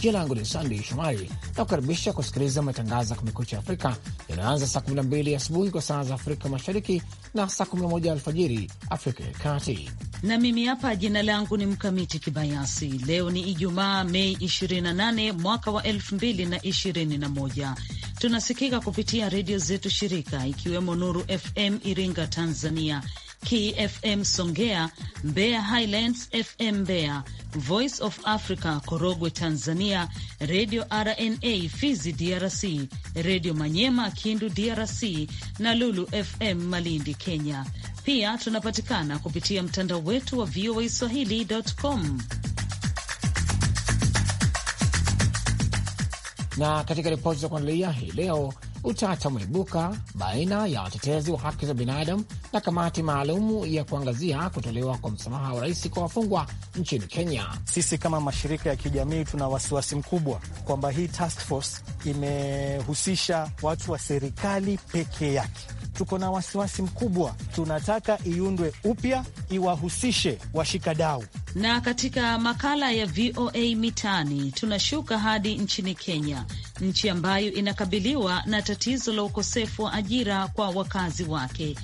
Jina langu ni Sandey Shomari na kukaribisha kusikiliza matangazo ya Kumekucha Afrika yanayoanza saa 12 asubuhi kwa saa za Afrika Mashariki na saa 11 alfajiri Afrika ya Kati. Na mimi hapa jina langu ni Mkamiti Kibayasi. Leo ni Ijumaa, Mei 28 mwaka wa 2021. Tunasikika kupitia redio zetu shirika, ikiwemo Nuru FM Iringa, Tanzania, KFM Songea, Mbeya Highlands FM Mbeya, Voice of Africa Korogwe Tanzania, Radio RNA Fizi DRC, Radio Manyema Kindu DRC na Lulu FM Malindi Kenya. Pia tunapatikana kupitia mtandao wetu wa VOA Swahili.com. Na katika ripoti za kuandalia hii leo utata umeibuka baina ya watetezi wa haki za binadamu na kamati maalumu ya kuangazia kutolewa kwa msamaha wa rais kwa wafungwa nchini Kenya. Sisi kama mashirika ya kijamii tuna wasiwasi mkubwa kwamba hii task force imehusisha watu wa serikali peke yake. Tuko na wasiwasi mkubwa, tunataka iundwe upya, iwahusishe washikadau. Na katika makala ya VOA Mitaani tunashuka hadi nchini Kenya nchi ambayo inakabiliwa na tatizo la ukosefu wa ajira kwa wakazi wake,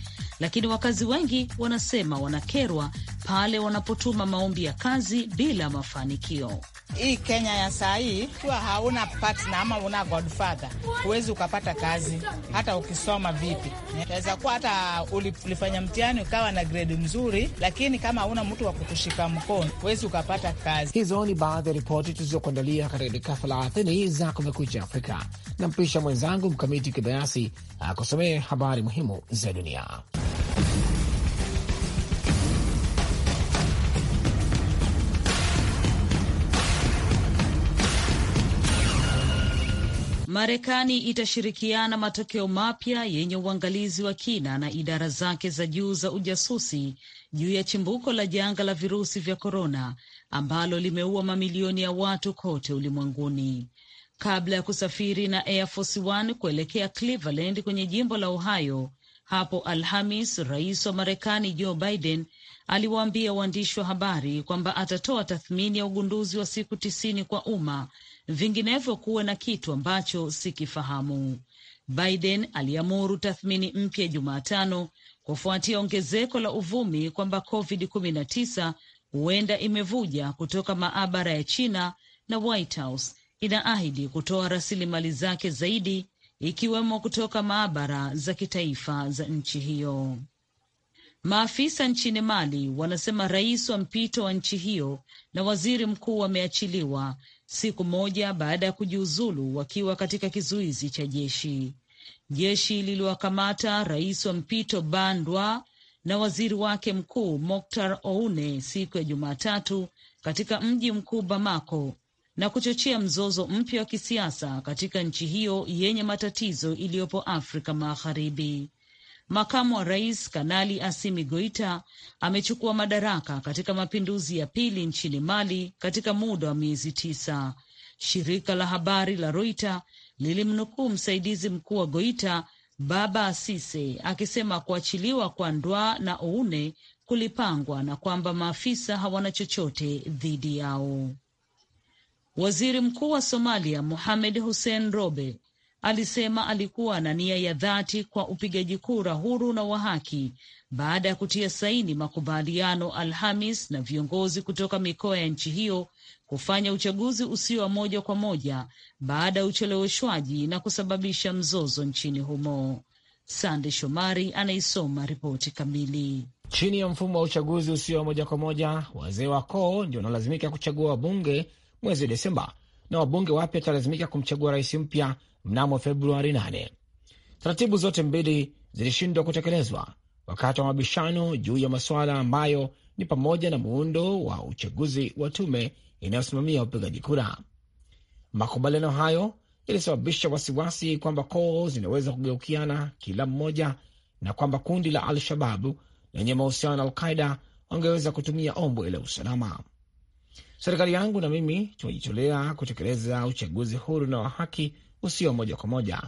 lakini wakazi wengi wanasema wanakerwa pale wanapotuma maombi ya kazi bila mafanikio. Hii Kenya ya saa hii, ukiwa hauna partner ama una godfather, huwezi ukapata kazi, hata ukisoma vipi. Naweza kuwa hata ulifanya mtihani ukawa na grade mzuri, lakini kama hauna mtu wa kutushika mkono, huwezi ukapata kazi. Hizo ni baadhi ya ripoti tulizokuandalia katika dakika thelathini za Kumekucha Afrika. Nampisha mwenzangu Mkamiti Kibayasi akusomee habari muhimu za dunia. Marekani itashirikiana matokeo mapya yenye uangalizi wa kina na idara zake za juu za ujasusi juu ya chimbuko la janga la virusi vya korona ambalo limeua mamilioni ya watu kote ulimwenguni. Kabla ya kusafiri na Air Force One kuelekea Cleveland kwenye jimbo la Ohio hapo Alhamis, rais wa Marekani Joe Biden aliwaambia waandishi wa habari kwamba atatoa tathmini ya ugunduzi wa siku tisini kwa umma, vinginevyo kuwe na kitu ambacho sikifahamu. Biden aliamuru tathmini mpya Jumatano kufuatia ongezeko la uvumi kwamba COVID-19 huenda imevuja kutoka maabara ya China na White House inaahidi kutoa rasilimali zake zaidi ikiwemo kutoka maabara za kitaifa za nchi hiyo. Maafisa nchini Mali wanasema rais wa mpito wa nchi hiyo na waziri mkuu wameachiliwa siku moja baada ya kujiuzulu wakiwa katika kizuizi cha jeshi. Jeshi liliwakamata rais wa mpito Bandwa na waziri wake mkuu Moktar Oune siku ya Jumatatu katika mji mkuu Bamako na kuchochea mzozo mpya wa kisiasa katika nchi hiyo yenye matatizo iliyopo Afrika Magharibi. Makamu wa rais Kanali Asimi Goita amechukua madaraka katika mapinduzi ya pili nchini Mali katika muda wa miezi tisa. Shirika la habari la Reuters lilimnukuu msaidizi mkuu wa Goita Baba asise akisema kuachiliwa kwa Ndwa na Oune kulipangwa na kwamba maafisa hawana chochote dhidi yao. Waziri mkuu wa Somalia Mohamed Hussein Robe alisema alikuwa na nia ya dhati kwa upigaji kura huru na wa haki baada ya kutia saini makubaliano Alhamis na viongozi kutoka mikoa ya nchi hiyo kufanya uchaguzi usio wa moja kwa moja baada ya ucheleweshwaji na kusababisha mzozo nchini humo. Sande Shomari anaisoma ripoti kamili. Chini ya mfumo wa uchaguzi usio wa moja kwa moja, wazee wa koo ndio wanalazimika kuchagua wabunge mwezi Desemba, na wabunge wapya watalazimika kumchagua rais mpya mnamo Februari 8. Taratibu zote mbili zilishindwa kutekelezwa wakati wa mabishano juu ya masuala ambayo ni pamoja na muundo wa uchaguzi wa tume inayosimamia upigaji kura. Makubaliano hayo yalisababisha wasiwasi kwamba koo zinaweza kugeukiana kila mmoja na kwamba kundi la Al-Shababu lenye mahusiano na Al-Qaida wangeweza kutumia ombwe la usalama. Serikali yangu na mimi tumejitolea kutekeleza uchaguzi huru na wa haki usio moja kwa moja.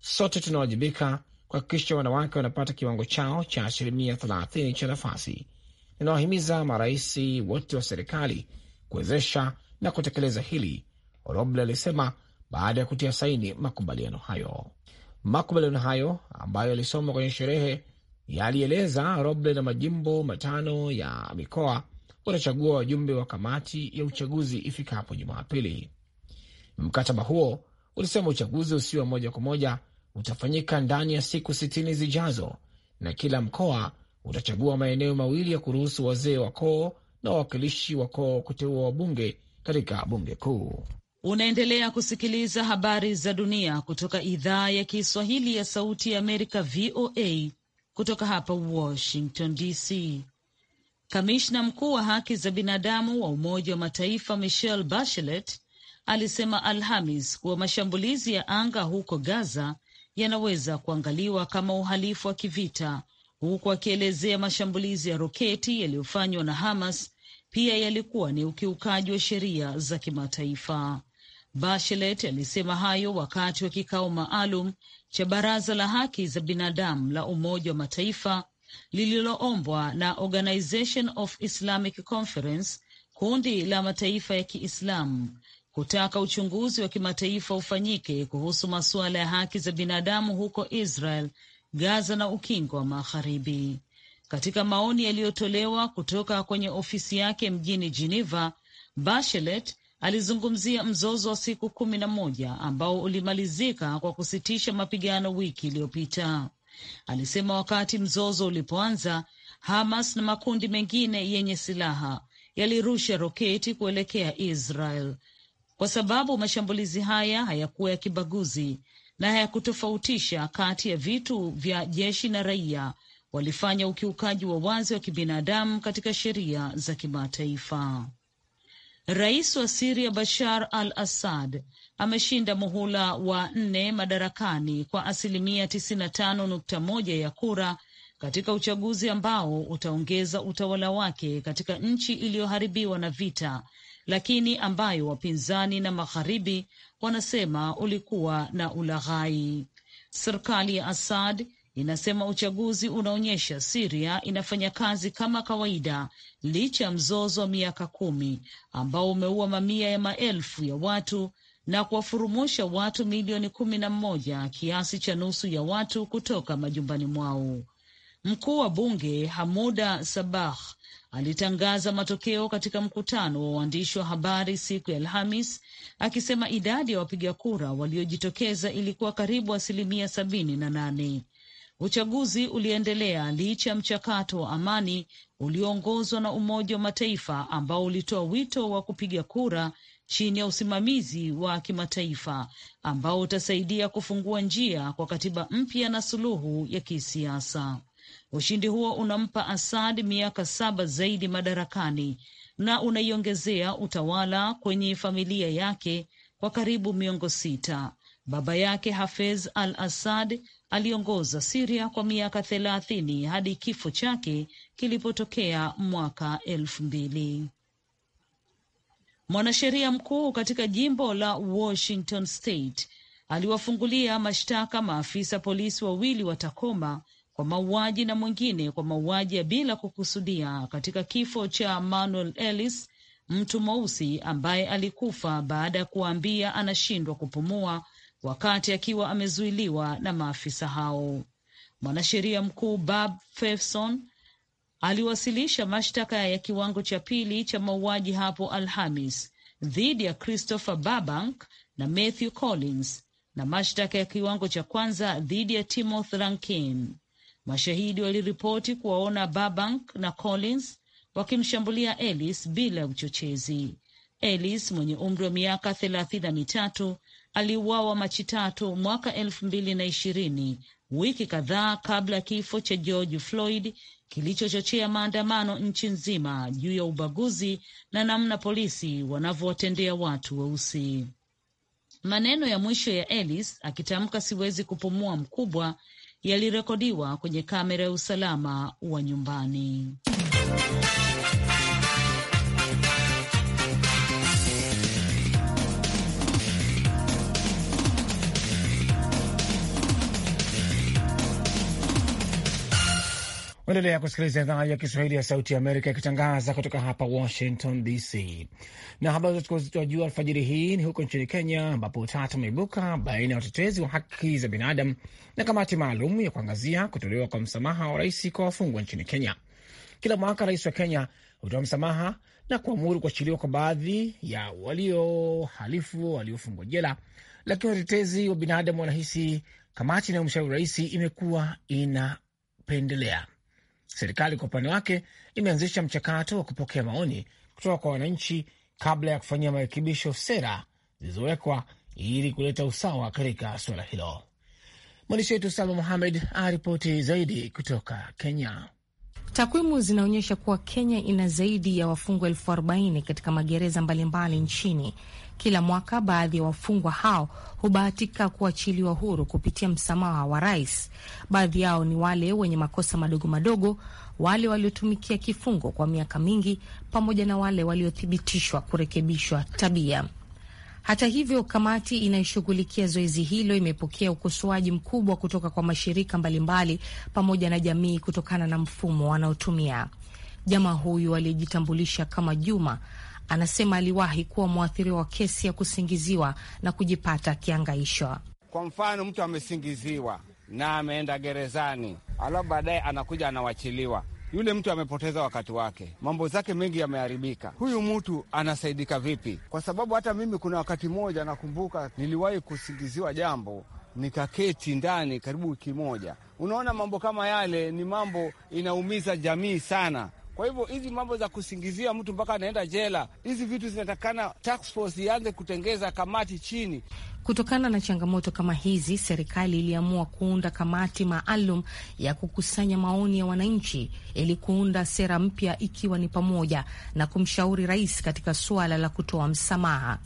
Sote tunawajibika kuhakikisha wanawake wanapata kiwango chao cha asilimia 30 cha nafasi. Ninawahimiza marais wote wa serikali kuwezesha na kutekeleza hili, Roble alisema baada ya kutia saini makubaliano hayo. Makubaliano hayo ambayo yalisomwa kwenye sherehe yalieleza Roble na majimbo matano ya mikoa watachagua wajumbe wa kamati ya uchaguzi ifikapo Jumapili. Mkataba huo ulisema uchaguzi usio moja kwa moja utafanyika ndani ya siku sitini zijazo na kila mkoa utachagua maeneo mawili ya kuruhusu wazee wa koo na wawakilishi wa koo kuteua wabunge katika bunge kuu. Unaendelea kusikiliza habari za dunia kutoka idhaa ya Kiswahili ya Sauti ya Amerika, VOA, kutoka hapa Washington DC. Kamishna mkuu wa haki za binadamu wa Umoja wa Mataifa Michelle Bachelet alisema Alhamis kuwa mashambulizi ya anga huko Gaza yanaweza kuangaliwa kama uhalifu wa kivita, huku akielezea mashambulizi ya roketi yaliyofanywa na Hamas pia yalikuwa ni ukiukaji wa sheria za kimataifa. Bachelet alisema hayo wakati wa kikao maalum cha Baraza la Haki za Binadamu la Umoja wa Mataifa lililoombwa na Organization of Islamic Conference, kundi la mataifa ya Kiislamu kutaka uchunguzi wa kimataifa ufanyike kuhusu masuala ya haki za binadamu huko Israel, Gaza na Ukingo wa Magharibi. Katika maoni yaliyotolewa kutoka kwenye ofisi yake mjini Geneva, Bachelet alizungumzia mzozo wa siku kumi na moja ambao ulimalizika kwa kusitisha mapigano wiki iliyopita. Alisema wakati mzozo ulipoanza, Hamas na makundi mengine yenye silaha yalirusha roketi kuelekea Israel kwa sababu mashambulizi haya hayakuwa ya kibaguzi na hayakutofautisha kati ya vitu vya jeshi na raia. Walifanya ukiukaji wa wazi wa kibinadamu katika sheria za kimataifa. Rais wa Siria Bashar al Assad ameshinda muhula wa nne madarakani kwa asilimia 95.1 ya kura katika uchaguzi ambao utaongeza utawala wake katika nchi iliyoharibiwa na vita, lakini ambayo wapinzani na magharibi wanasema ulikuwa na ulaghai. Serikali ya Assad inasema uchaguzi unaonyesha Siria inafanya kazi kama kawaida licha ya mzozo wa miaka kumi ambao umeua mamia ya maelfu ya watu na kuwafurumusha watu milioni kumi na mmoja, kiasi cha nusu ya watu kutoka majumbani mwao. Mkuu wa bunge Hamuda Sabah alitangaza matokeo katika mkutano wa waandishi wa habari siku ya Alhamis akisema idadi ya wapiga kura waliojitokeza ilikuwa karibu asilimia sabini na nane. Uchaguzi uliendelea licha ya mchakato wa amani ulioongozwa na Umoja wa Mataifa ambao ulitoa wito wa kupiga kura chini ya usimamizi wa kimataifa ambao utasaidia kufungua njia kwa katiba mpya na suluhu ya kisiasa. Ushindi huo unampa Assad miaka saba zaidi madarakani na unaiongezea utawala kwenye familia yake kwa karibu miongo sita. Baba yake Hafez al-Assad aliongoza Siria kwa miaka thelathini hadi kifo chake kilipotokea mwaka elfu mbili. Mwanasheria mkuu katika jimbo la Washington State aliwafungulia mashtaka maafisa polisi wawili wa Takoma kwa mauaji na mwingine kwa mauaji ya bila kukusudia katika kifo cha Manuel Ellis, mtu mweusi ambaye alikufa baada ya kuwaambia anashindwa kupumua wakati akiwa amezuiliwa na maafisa hao. Mwanasheria mkuu Bob Fefson aliwasilisha mashtaka ya kiwango cha pili cha mauaji hapo Alhamis dhidi ya Christopher Barbank na Matthew Collins na mashtaka ya kiwango cha kwanza dhidi ya Timothy Rankin. Mashahidi waliripoti kuwaona babank na Collins wakimshambulia Ellis bila uchochezi. Ellis mwenye umri wa miaka thelathini na mitatu aliuawa Machi tatu mwaka elfu mbili na ishirini, wiki kadhaa kabla ya kifo cha George Floyd kilichochochea maandamano nchi nzima juu ya ubaguzi na namna polisi wanavyowatendea watu weusi. Maneno ya mwisho ya Ellis akitamka siwezi kupumua mkubwa yalirekodiwa kwenye kamera ya usalama wa nyumbani. Unaendelea kusikiliza idhaa ya Kiswahili ya Sauti ya Amerika ikitangaza kutoka hapa Washington DC, na habari zitwa juu alfajiri hii ni huko nchini Kenya, ambapo utata umeibuka baina ya watetezi wa haki za binadamu na kamati maalum ya kuangazia kutolewa kwa msamaha wa rais kwa wafungwa nchini Kenya. Kila mwaka rais wa Kenya hutoa msamaha na kuamuru kuachiliwa kwa baadhi ya waliohalifu waliofungwa jela, lakini watetezi wa binadamu wanahisi kamati inayomshauri rais imekuwa inapendelea Serikali kwa upande wake imeanzisha mchakato wa kupokea maoni kutoka kwa wananchi kabla ya kufanyia marekebisho sera zilizowekwa ili kuleta usawa katika suala hilo. Mwandishi wetu Salma muhamed aripoti zaidi kutoka Kenya. Takwimu zinaonyesha kuwa Kenya ina zaidi ya wafungwa elfu arobaini katika magereza mbalimbali mbali nchini kila mwaka baadhi ya wafungwa hao hubahatika kuachiliwa huru kupitia msamaha wa rais. Baadhi yao ni wale wenye makosa madogo madogo, wale waliotumikia kifungo kwa miaka mingi, pamoja na wale waliothibitishwa kurekebishwa tabia. Hata hivyo, kamati inayoshughulikia zoezi hilo imepokea ukosoaji mkubwa kutoka kwa mashirika mbalimbali pamoja na jamii kutokana na mfumo wanaotumia. Jamaa huyu aliyejitambulisha kama Juma Anasema aliwahi kuwa mwathiriwa wa kesi ya kusingiziwa na kujipata akiangaishwa. Kwa mfano, mtu amesingiziwa na ameenda gerezani, alafu baadaye anakuja anawachiliwa yule mtu amepoteza wakati wake, mambo zake mengi yameharibika. Huyu mtu anasaidika vipi? Kwa sababu hata mimi kuna wakati mmoja nakumbuka niliwahi kusingiziwa jambo, nikaketi ndani karibu wiki moja. Unaona, mambo kama yale ni mambo inaumiza jamii sana, kwa hivyo hizi mambo za kusingizia mtu mpaka anaenda jela, hizi vitu zinatakana task force ianze kutengeza kamati chini. Kutokana na changamoto kama hizi, serikali iliamua kuunda kamati maalum ya kukusanya maoni ya wananchi ili kuunda sera mpya, ikiwa ni pamoja na kumshauri rais katika suala la kutoa msamaha.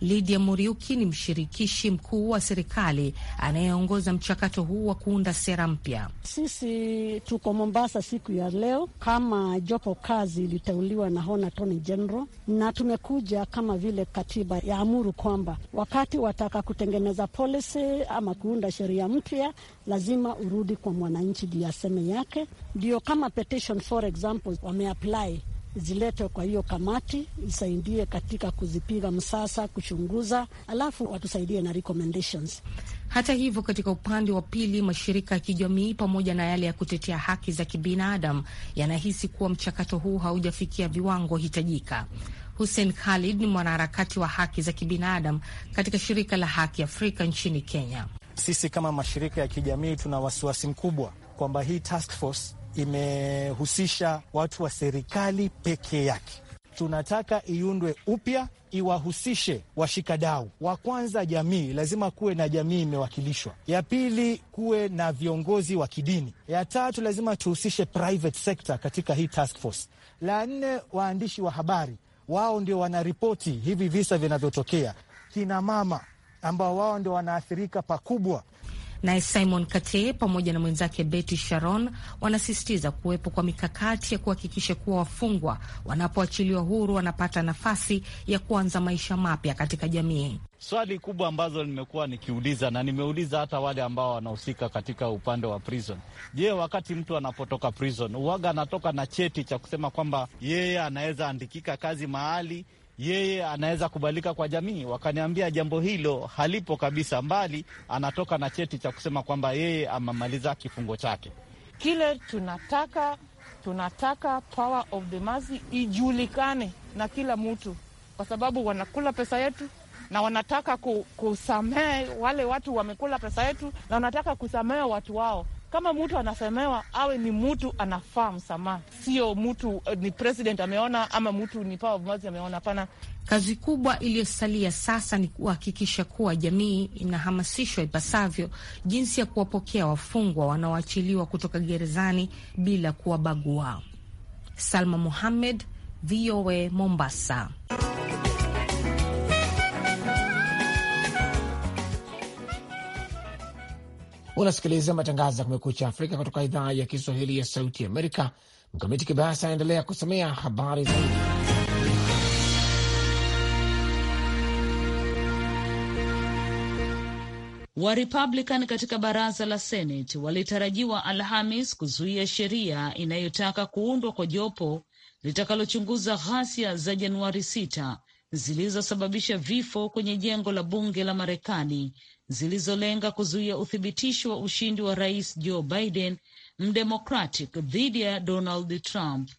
Lydia Muriuki ni mshirikishi mkuu wa serikali anayeongoza mchakato huu wa kuunda sera mpya. Sisi tuko Mombasa siku ya leo kama jopo kazi iliteuliwa na Hon Attorney General, na tumekuja kama vile katiba ya amuru kwamba wakati wataka kutengeneza policy ama kuunda sheria mpya lazima urudi kwa mwananchi ndio aseme yake, ndio kama petition for example wameapply ziletwe kwa hiyo kamati isaidie katika kuzipiga msasa, kuchunguza, alafu watusaidie na recommendations. Hata hivyo, katika upande wa pili, mashirika ya kijamii pamoja na yale ya kutetea haki za kibinadamu yanahisi kuwa mchakato huu haujafikia viwango hitajika. Hussein Khalid ni mwanaharakati wa haki za kibinadamu katika shirika la Haki Afrika nchini Kenya. Sisi kama mashirika ya kijamii tuna wasiwasi mkubwa kwamba hii task force imehusisha watu wa serikali peke yake. Tunataka iundwe upya, iwahusishe washikadau wa kwanza, jamii. Lazima kuwe na jamii imewakilishwa. Ya pili, kuwe na viongozi wa kidini. Ya tatu, lazima tuhusishe private sector katika hii task force. La nne, waandishi wa habari, wao ndio wanaripoti hivi visa vinavyotokea, kina mama ambao wao ndio wanaathirika pakubwa. Naye Simon Kate pamoja na mwenzake Betty Sharon wanasisitiza kuwepo kwa mikakati ya kuhakikisha kuwa wafungwa wanapoachiliwa huru wanapata nafasi ya kuanza maisha mapya katika jamii. Swali kubwa ambazo nimekuwa nikiuliza na nimeuliza hata wale ambao wanahusika katika upande wa prison, je, wakati mtu anapotoka prison uwaga anatoka na cheti cha kusema kwamba yeye anaweza andikika kazi mahali yeye anaweza kubalika kwa jamii. Wakaniambia jambo hilo halipo kabisa, mbali anatoka na cheti cha kusema kwamba yeye amemaliza kifungo chake. Kile tunataka tunataka power of the mercy ijulikane na kila mtu, kwa sababu wanakula pesa yetu na wanataka kusamehe wale watu wamekula pesa yetu, na wanataka kusamehe watu wao kama mtu anasemewa awe ni mtu anafaa msamaha, sio mtu eh, ni president ameona ama mtu ni power boss ameona. Hapana. Kazi kubwa iliyosalia sasa ni kuhakikisha kuwa jamii inahamasishwa ipasavyo jinsi ya kuwapokea wafungwa wanaoachiliwa kutoka gerezani bila kuwabagua. Salma muhammed VOA Mombasa. Unasikiliza matangazo ya Kumekucha Afrika kutoka idhaa ya Kiswahili ya Sauti Amerika. Mkamiti Kibayasi anaendelea kusomea habari zaidi. Wa Republican katika baraza la Senate walitarajiwa Alhamis kuzuia sheria inayotaka kuundwa kwa jopo litakalochunguza ghasia za Januari 6 zilizosababisha vifo kwenye jengo la bunge la Marekani zilizolenga kuzuia uthibitisho wa ushindi wa rais Joe Biden mdemokratic dhidi ya Donald Trump.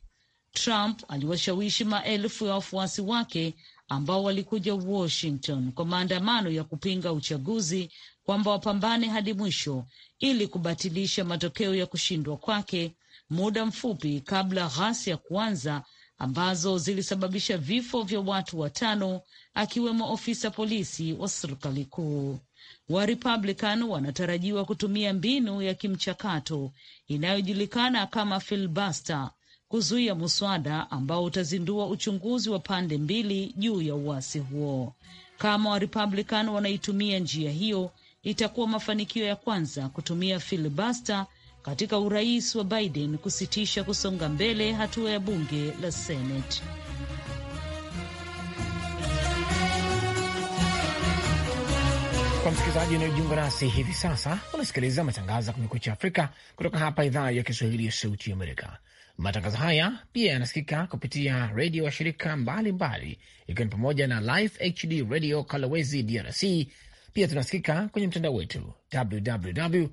Trump aliwashawishi maelfu ya wafuasi wake ambao walikuja Washington kwa maandamano ya kupinga uchaguzi kwamba wapambane hadi mwisho ili kubatilisha matokeo ya kushindwa kwake, muda mfupi kabla ghasia kuanza ambazo zilisababisha vifo vya watu watano akiwemo ofisa polisi wa serikali kuu wa Republican wanatarajiwa kutumia mbinu ya kimchakato inayojulikana kama filibuster kuzuia muswada ambao utazindua uchunguzi wa pande mbili juu ya uasi huo. Kama Warepublican wanaitumia njia hiyo, itakuwa mafanikio ya kwanza kutumia filibuster katika urais wa Biden kusitisha kusonga mbele hatua ya bunge la Senate. kwa msikilizaji unayojiunga nasi hivi sasa. Unasikiliza matangazo ya Kumekucha Afrika kutoka hapa idhaa ya Kiswahili ya Sauti Amerika. Matangazo haya pia yanasikika kupitia redio shirika mbalimbali, ikiwa ni pamoja na Live HD Radio Kalawezi DRC. Pia tunasikika kwenye mtandao wetu www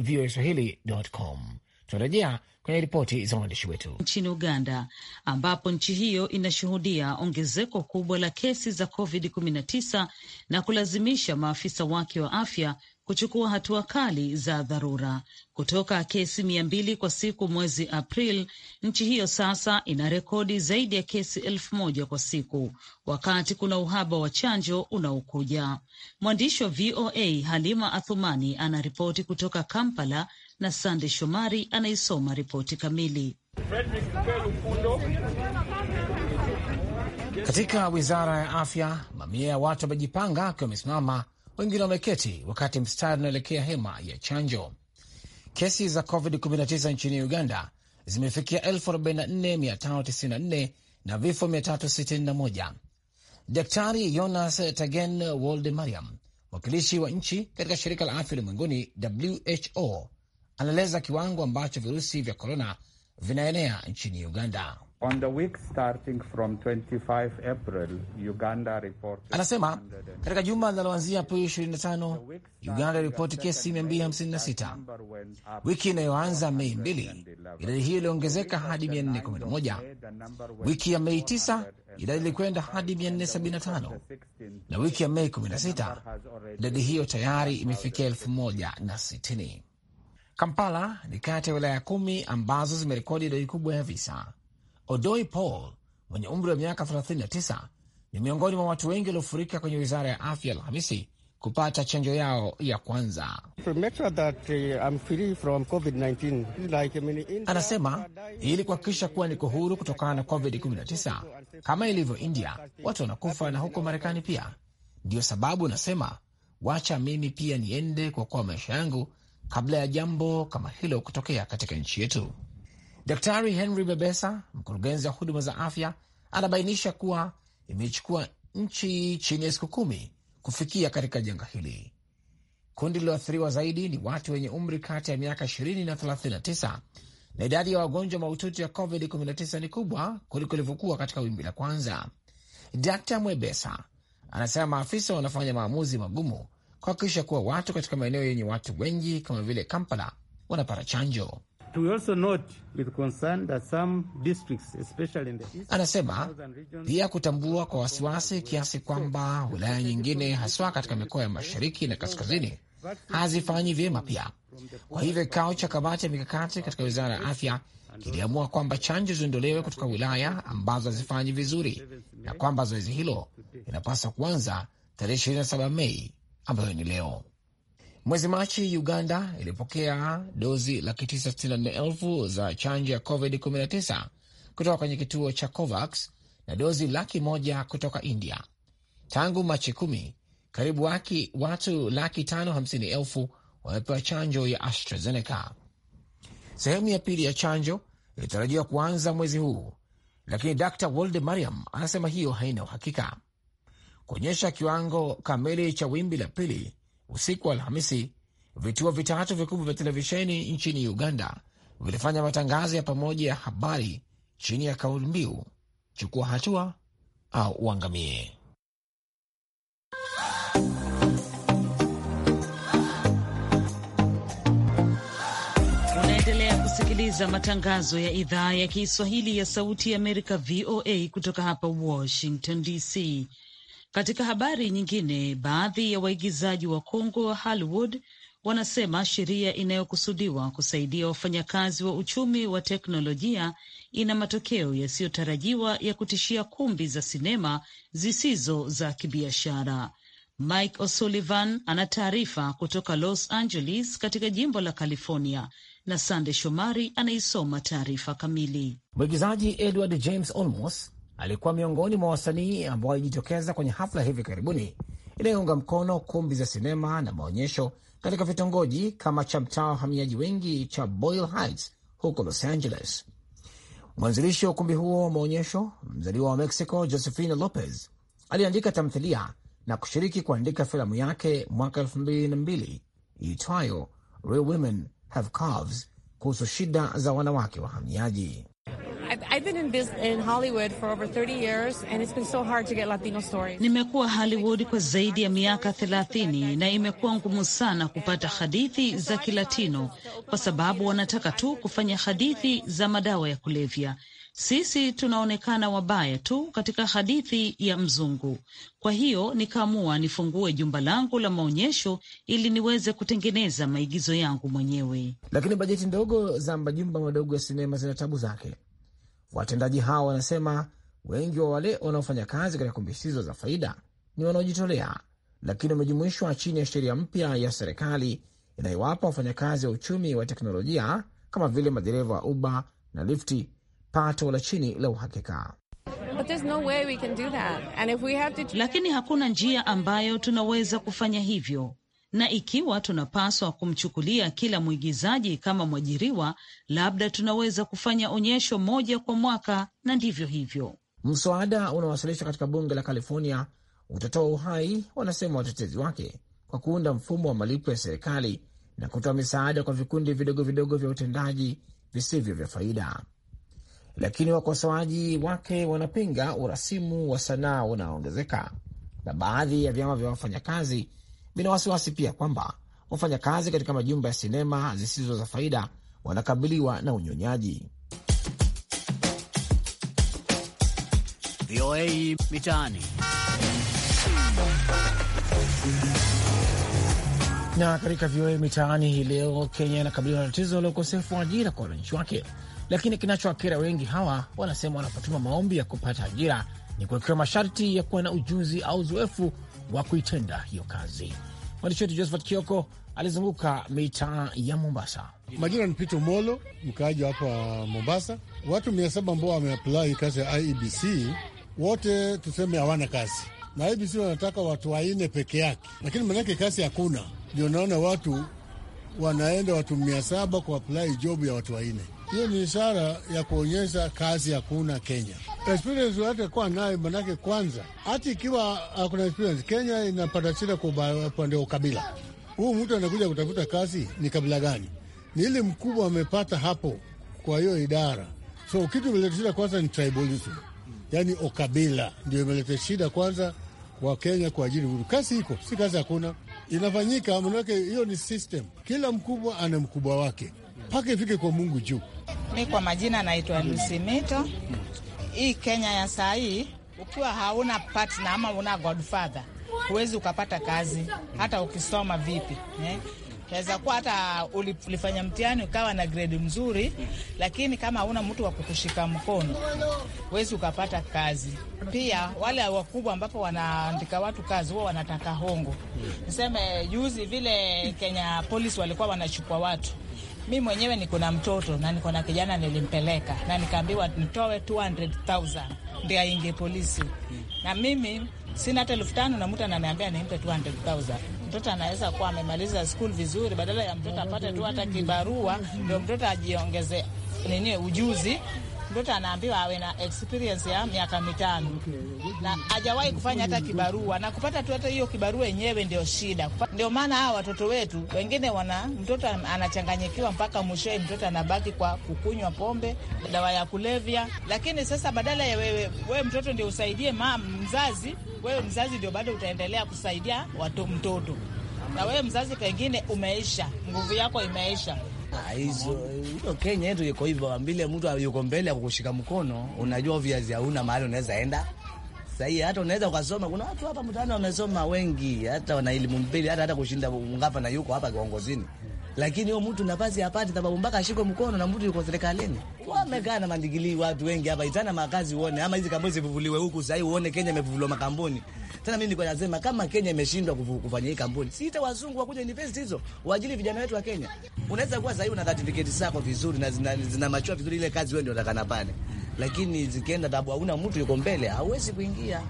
voa swahili com. Tunarejea kwenye ripoti za waandishi wetu. Nchini Uganda, ambapo nchi hiyo inashuhudia ongezeko kubwa la kesi za COVID-19 na kulazimisha maafisa wake wa afya kuchukua hatua kali za dharura. Kutoka kesi mia mbili kwa siku mwezi April, nchi hiyo sasa ina rekodi zaidi ya kesi elfu moja kwa siku, wakati kuna uhaba wa chanjo unaokuja. Mwandishi wa VOA Halima Athumani anaripoti kutoka Kampala na Sande Shomari anaisoma ripoti kamili. Katika wizara ya afya, mamia ya watu wamejipanga akiwa wamesimama, wengine wameketi, wakati mstari unaelekea hema ya chanjo. Kesi za COVID-19 nchini Uganda zimefikia 44594 na vifo 361. Daktari Jonas Tagen mariam mwakilishi wa nchi katika shirika la afya ulimwenguni WHO, anaeleza kiwango ambacho virusi vya korona vinaenea nchini Uganda. On the week starting from 25 April, Uganda reported... Anasema katika juma linaloanzia Aprili 25 Uganda iliripoti kesi 256. Wiki inayoanza Mei 2 idadi hiyo iliongezeka hadi 411. Wiki ya Mei 9 idadi ilikwenda hadi 475, na wiki ya Mei 16 idadi hiyo tayari imefikia 1060. Kampala ni kati ya wilaya kumi ambazo zimerekodi idadi kubwa ya visa. Odoi Paul mwenye umri wa miaka 39 ni miongoni mwa watu wengi waliofurika kwenye wizara ya afya Alhamisi kupata chanjo yao ya kwanza. Uh, Anasema ili kuhakikisha kuwa niko huru kutokana na COVID-19 kama ilivyo India, watu wanakufa na huko Marekani pia. Ndiyo sababu nasema wacha mimi pia niende kuokoa maisha yangu kabla ya jambo kama hilo kutokea katika nchi yetu. Daktari Henry Bebesa, mkurugenzi wa huduma za afya, anabainisha kuwa imechukua nchi chini ya siku kumi kufikia katika janga hili. Kundi lililoathiriwa zaidi ni watu wenye umri kati ya miaka 20 na 39 na idadi ya wagonjwa mahututi ya COVID-19 ni kubwa kuliko ilivyokuwa katika wimbi la kwanza. Dkt Mwebesa anasema maafisa wanafanya maamuzi magumu kuhakikisha kuwa watu katika maeneo yenye watu wengi kama vile Kampala wanapata chanjo. Anasema pia kutambua kwa wasiwasi kiasi kwamba wilaya nyingine haswa katika mikoa ya mashariki na kaskazini hazifanyi vyema pia. Kwa hivyo kikao cha kamati ya mikakati katika wizara ya afya kiliamua kwamba chanjo ziondolewe kutoka wilaya ambazo hazifanyi vizuri na kwamba zoezi hilo linapaswa kuanza tarehe 27 Mei ambayo ni leo. Mwezi Machi, Uganda ilipokea dozi laki tisa sitini na nne elfu za chanjo ya COVID-19 kutoka kwenye kituo cha COVAX na dozi laki moja kutoka India. Tangu Machi kumi, karibu waki, watu laki tano hamsini elfu wamepewa chanjo ya AstraZeneca. Sehemu ya pili ya chanjo ilitarajiwa kuanza mwezi huu, lakini Dr Wolde Mariam anasema hiyo haina uhakika kuonyesha kiwango kamili cha wimbi la pili usiku wa Alhamisi, vituo vitatu vikubwa vya televisheni nchini Uganda vilifanya matangazo ya pamoja ya habari chini ya kauli mbiu chukua hatua au uangamie. Unaendelea kusikiliza matangazo ya idhaa ya Kiswahili ya Sauti ya Amerika, VOA, kutoka hapa Washington DC. Katika habari nyingine, baadhi ya waigizaji wa kongwe wa Hollywood wanasema sheria inayokusudiwa kusaidia wafanyakazi wa uchumi wa teknolojia ina matokeo yasiyotarajiwa ya kutishia kumbi za sinema zisizo za kibiashara. Mike O'Sullivan ana taarifa kutoka Los Angeles katika jimbo la California, na Sande Shomari anaisoma taarifa kamili. Mwigizaji Edward James Olmos alikuwa miongoni mwa wasanii ambao walijitokeza kwenye hafla hivi karibuni inayounga mkono kumbi za sinema na maonyesho katika vitongoji kama cha mtaa wa wahamiaji wengi cha Boyle Heights huko Los Angeles. Mwanzilishi wa ukumbi huo wa maonyesho, mzaliwa wa Mexico Josefina Lopez, aliandika tamthilia na kushiriki kuandika filamu yake mwaka elfu mbili na mbili iitwayo Real Women Have Calves kuhusu shida za wanawake wahamiaji. I've been in, in Hollywood for over 30 years and it's been so hard to get Latino stories. Nimekuwa Hollywood kwa zaidi ya miaka 30 na imekuwa ngumu sana kupata hadithi za Kilatino kwa sababu wanataka tu kufanya hadithi za madawa ya kulevya. Sisi tunaonekana wabaya tu katika hadithi ya mzungu. Kwa hiyo nikaamua nifungue jumba langu la maonyesho ili niweze kutengeneza maigizo yangu mwenyewe. Lakini bajeti ndogo za majumba madogo ya sinema zina tabu zake. Watendaji hao wanasema wengi wa wale wanaofanya kazi katika kumbi hizo za faida ni wanaojitolea, lakini wamejumuishwa chini ya sheria mpya ya serikali inayowapa wafanyakazi wa uchumi wa teknolojia kama vile madereva wa Uber na lifti pato la chini la uhakika. No, lakini hakuna njia ambayo tunaweza kufanya hivyo na ikiwa tunapaswa kumchukulia kila mwigizaji kama mwajiriwa, labda tunaweza kufanya onyesho moja kwa mwaka, na ndivyo hivyo. Mswada unaowasilishwa katika bunge la California utatoa uhai, wanasema watetezi wake, kwa kuunda mfumo wa malipo ya serikali na kutoa misaada kwa vikundi vidogo vidogo vya utendaji visivyo vya faida. Lakini wakosoaji wake wanapinga urasimu wa sanaa unaoongezeka na baadhi ya vyama vya wafanyakazi Nina wasiwasi pia kwamba wafanyakazi katika majumba ya sinema zisizo za faida wanakabiliwa na unyonyaji. VOA Mitaani. Na katika VOA Mitaani hii leo, Kenya inakabiliwa na tatizo la ukosefu wa ajira kwa wananchi wake, lakini kinachowakera wengi hawa wanasema wanapotuma maombi ya kupata ajira ni kuwekewa masharti ya kuwa na ujuzi au uzoefu wa kuitenda hiyo kazi. Mwandishi wetu Josephat Kioko alizunguka mitaa ya Mombasa. Majina ni Pito Molo, mkaaji hapa Mombasa. Watu mia saba ambao wameaplai kazi ya IEBC wote tuseme hawana kazi, na IEBC wanataka watu waine peke yake, lakini maanake kazi hakuna. Ndio naona watu wanaenda watu mia saba kuaplai jobu ya watu waine hiyo ni ishara ya kuonyesha kazi hakuna Kenya. Experience yote kuwa naye, manake kwanza, hata ikiwa hakuna experience, Kenya inapata shida kwa upande wa ukabila. Huu mtu anakuja kutafuta kazi ni kabila gani? Ni ile mkubwa amepata hapo kwa hiyo idara. So kitu imeleta shida kwanza ni tribalism, yani ukabila ndio imeleta shida kwanza wa Kenya kwa ajili huru. Kazi iko, si kazi hakuna inafanyika, manake hiyo ni system. Kila mkubwa ana mkubwa wake mpaka ifike kwa Mungu juu Mi kwa majina naitwa Lucy Mito. Hii Kenya ya saa hii, ukiwa hauna partner ama una godfather huwezi ukapata kazi, hata ukisoma vipi eh? Naweza kuwa hata ulifanya mtihani ukawa na grade mzuri, lakini kama hauna mtu wa kukushika mkono huwezi ukapata kazi. Pia wale wakubwa ambapo wanaandika watu kazi huwa wanataka hongo. Niseme juzi vile Kenya polisi walikuwa wanachukua watu Mi mwenyewe niko na mtoto na niko na kijana nilimpeleka, na nikaambiwa nitoe 200,000 ndio aingie polisi, na mimi sina hata elfu tano na mtu ananiambia nimpe 200,000. Mtoto anaweza kuwa amemaliza skul vizuri, badala ya mtoto apate tu hata kibarua, ndio mtoto ajiongeze nini ujuzi mtoto anaambiwa awe na experience ya miaka mitano na hajawahi kufanya hata kibarua, na kupata tu hata hiyo kibarua yenyewe ndio shida. Ndio maana hawa watoto wetu wengine wana mtoto anachanganyikiwa mpaka mwishoe, mtoto anabaki kwa kukunywa pombe, dawa ya kulevya. Lakini sasa badala ya wewe, we mtoto ndio usaidie mama mzazi, wewe mzazi ndio bado utaendelea kusaidia watu mtoto, na wewe mzazi pengine umeisha, nguvu yako imeisha hizo eh, hiyo Kenya yetu iko hivyo, ambile mtu yuko mbele akukushika mkono, unajua viazi hauna mahali unaweza enda sahii. Hata unaweza ukasoma, kuna watu hapa mtaani wamesoma wengi, hata wana elimu mbili, hata hata kushinda Mgapa na yuko hapa kiongozini, lakini huyo mtu nafasi hapati, sababu mpaka ashikwe mkono na mtu yuko serikalini. Wamekaa na mandigili watu wengi hapa, itana makazi uone, ama hizi kampuni zivuvuliwe huku sahii, uone Kenya imevuvuliwa makampuni tena mimi nilikuwa nasema kama Kenya imeshindwa kufanya hii kampuni, siita wazungu wakuja university hizo waajili vijana wetu wa Kenya. Unaweza kuwa sahii na una certificate zako vizuri na zina, zina machua vizuri, ile kazi wewe ndio utakana pale, lakini zikienda tabu, hauna mtu yuko mbele, hauwezi kuingia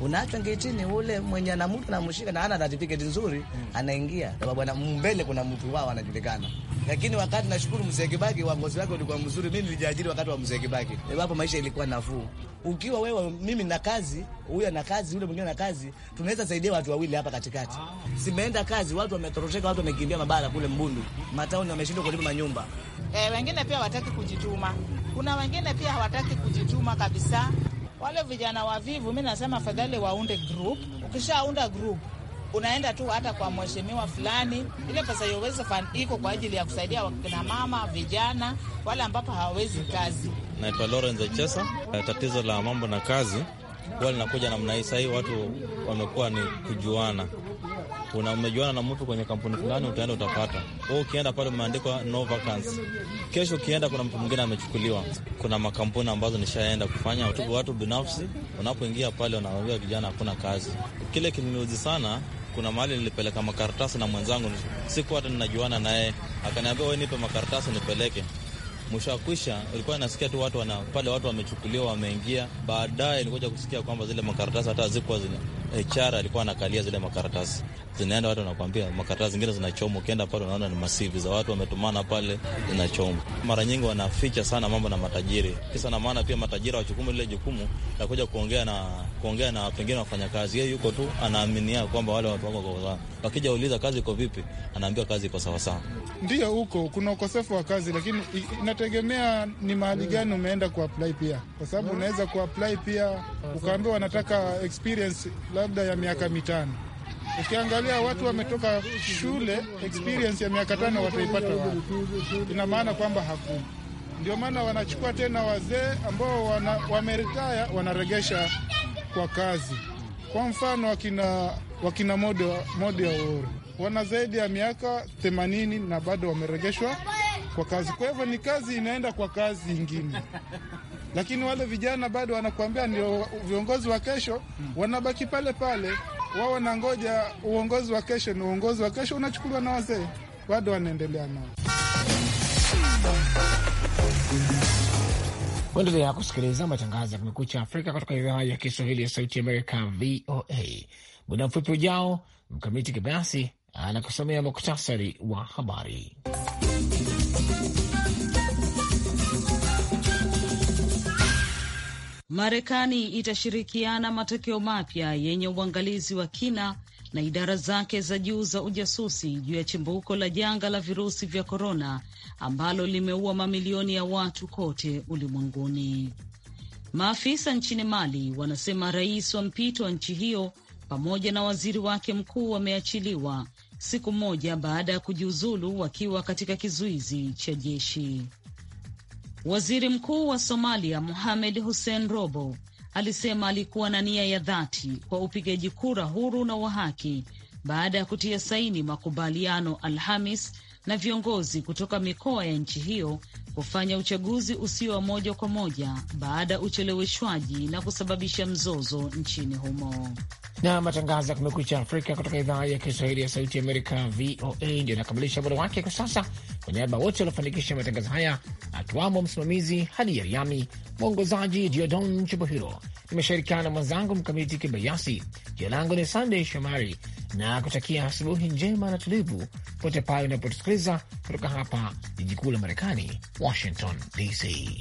unaachwa ngetini ule mwenye ana mtu anamshika na ana certificate nzuri mm. anaingia, sababu ana mbele kuna mtu wao anajulikana. Lakini wakati nashukuru mzee Kibaki, uongozi wake ulikuwa mzuri. Mimi nilijiajiri wakati wa mzee Kibaki, hapo maisha ilikuwa nafuu. Ukiwa wewe mimi na kazi, huyo na kazi, yule mwingine na kazi, tunaweza saidia watu wawili hapa katikati. Ah. Simeenda kazi, watu wametorosheka, watu wamekimbia mabara kule Mbundu, matauni wameshindwa kulipa manyumba. E, wengine pia hawataki kujituma. Kuna wengine pia hawataki kujituma kabisa wale vijana wavivu, mi nasema fadhali waunde group. Ukishaunda group unaenda tu hata kwa mheshimiwa fulani, ile pesa yowezi iko kwa ajili ya kusaidia wakina mama, vijana wale ambapo hawawezi kazi. Naitwa Lawrence chesa eh, Tatizo la mambo na kazi huwa linakuja namna hii. Sahii watu wamekuwa ni kujuana una umejuana na mtu kwenye kampuni fulani, utaenda utapata. Wewe ukienda pale umeandikwa no vacancy, kesho ukienda kuna mtu mwingine amechukuliwa. Kuna makampuni ambazo nishaenda kufanya watu, watu binafsi, unapoingia pale unaambia vijana, hakuna kazi. Kile kiniuzi sana kuna mahali nilipeleka makaratasi na mwenzangu, siku hata ninajuana naye, akaniambia wewe, nipe makaratasi nipeleke. Mwisho wa kwisha, ulikuwa nasikia tu watu wana pale, watu wamechukuliwa, wameingia. Baadaye nilikuja kusikia kwamba zile makaratasi hata hazikuwa zina HR eh, alikuwa anakalia zile makaratasi zinaenda watu wanakwambia, makaratasi zingine zinachomwa. Ukienda pale unaona ni masivi za watu wametumana pale, zinachomwa. Mara nyingi wanaficha sana mambo na matajiri, kisa na maana pia matajiri wachukumi lile jukumu la kuja kuongea na kuongea na pengine wafanyakazi. Yeye yuko tu anaaminia kwamba wale watu wako kwa sawa, wakija uliza kazi iko vipi, anaambiwa kazi iko sawasawa. Ndio huko kuna ukosefu wa kazi, lakini inategemea ni mahali mm. gani umeenda kuapply pia, kwa sababu mm. unaweza kuapply pia ukaambiwa wanataka experience labda ya miaka mitano Ukiangalia watu wametoka shule, experience ya miaka tano wataipata wapi? Ina maana kwamba hakuna. Ndio maana wanachukua tena wazee ambao wameritaya, wanaregesha kwa kazi. Kwa mfano wakina, wakina Modi Uhuru wana zaidi ya miaka themanini na bado wameregeshwa kwa kazi. Kwa hivyo ni kazi inaenda kwa kazi ingine, lakini wale vijana bado wanakuambia ndio viongozi wa kesho, wanabaki pale pale wao na ngoja uongozi wa kesho. Ni uongozi wa kesho unachukuliwa na wazee, bado wanaendelea nao. Kuendelea kusikiliza matangazo ya Kumekucha Afrika kutoka idhaa ya Kiswahili ya Sauti Amerika, VOA. Muda mfupi ujao, Mkamiti Kibayasi anakusomea muktasari wa habari. Marekani itashirikiana matokeo mapya yenye uangalizi wa kina na idara zake za juu za ujasusi juu ya chimbuko la janga la virusi vya korona ambalo limeua mamilioni ya watu kote ulimwenguni. Maafisa nchini Mali wanasema rais wa mpito wa nchi hiyo pamoja na waziri wake mkuu wameachiliwa siku moja baada ya kujiuzulu wakiwa katika kizuizi cha jeshi. Waziri Mkuu wa Somalia Mohamed Hussein Robo alisema alikuwa na nia ya dhati kwa upigaji kura huru na wa haki baada ya kutia saini makubaliano Alhamis na viongozi kutoka mikoa ya nchi hiyo kufanya uchaguzi usio wa moja kwa moja baada ya ucheleweshwaji na kusababisha mzozo nchini humo. Na matangazo ya Kumekucha Afrika kutoka idhaa ya Kiswahili ya Sauti Amerika, VOA, ndio inakamilisha muda wake kwa sasa. Kwa niaba wote waliofanikisha matangazo haya, akiwamo msimamizi Hadi Yariami, mwongozaji Diodon Chubohiro, nimeshirikiana na mwenzangu Mkamiti Kibayasi. Jina langu ni Sandey Shomari na kutakia asubuhi njema na tulivu pote pale unapotusikiliza kutoka hapa jiji kuu la Marekani, Washington DC.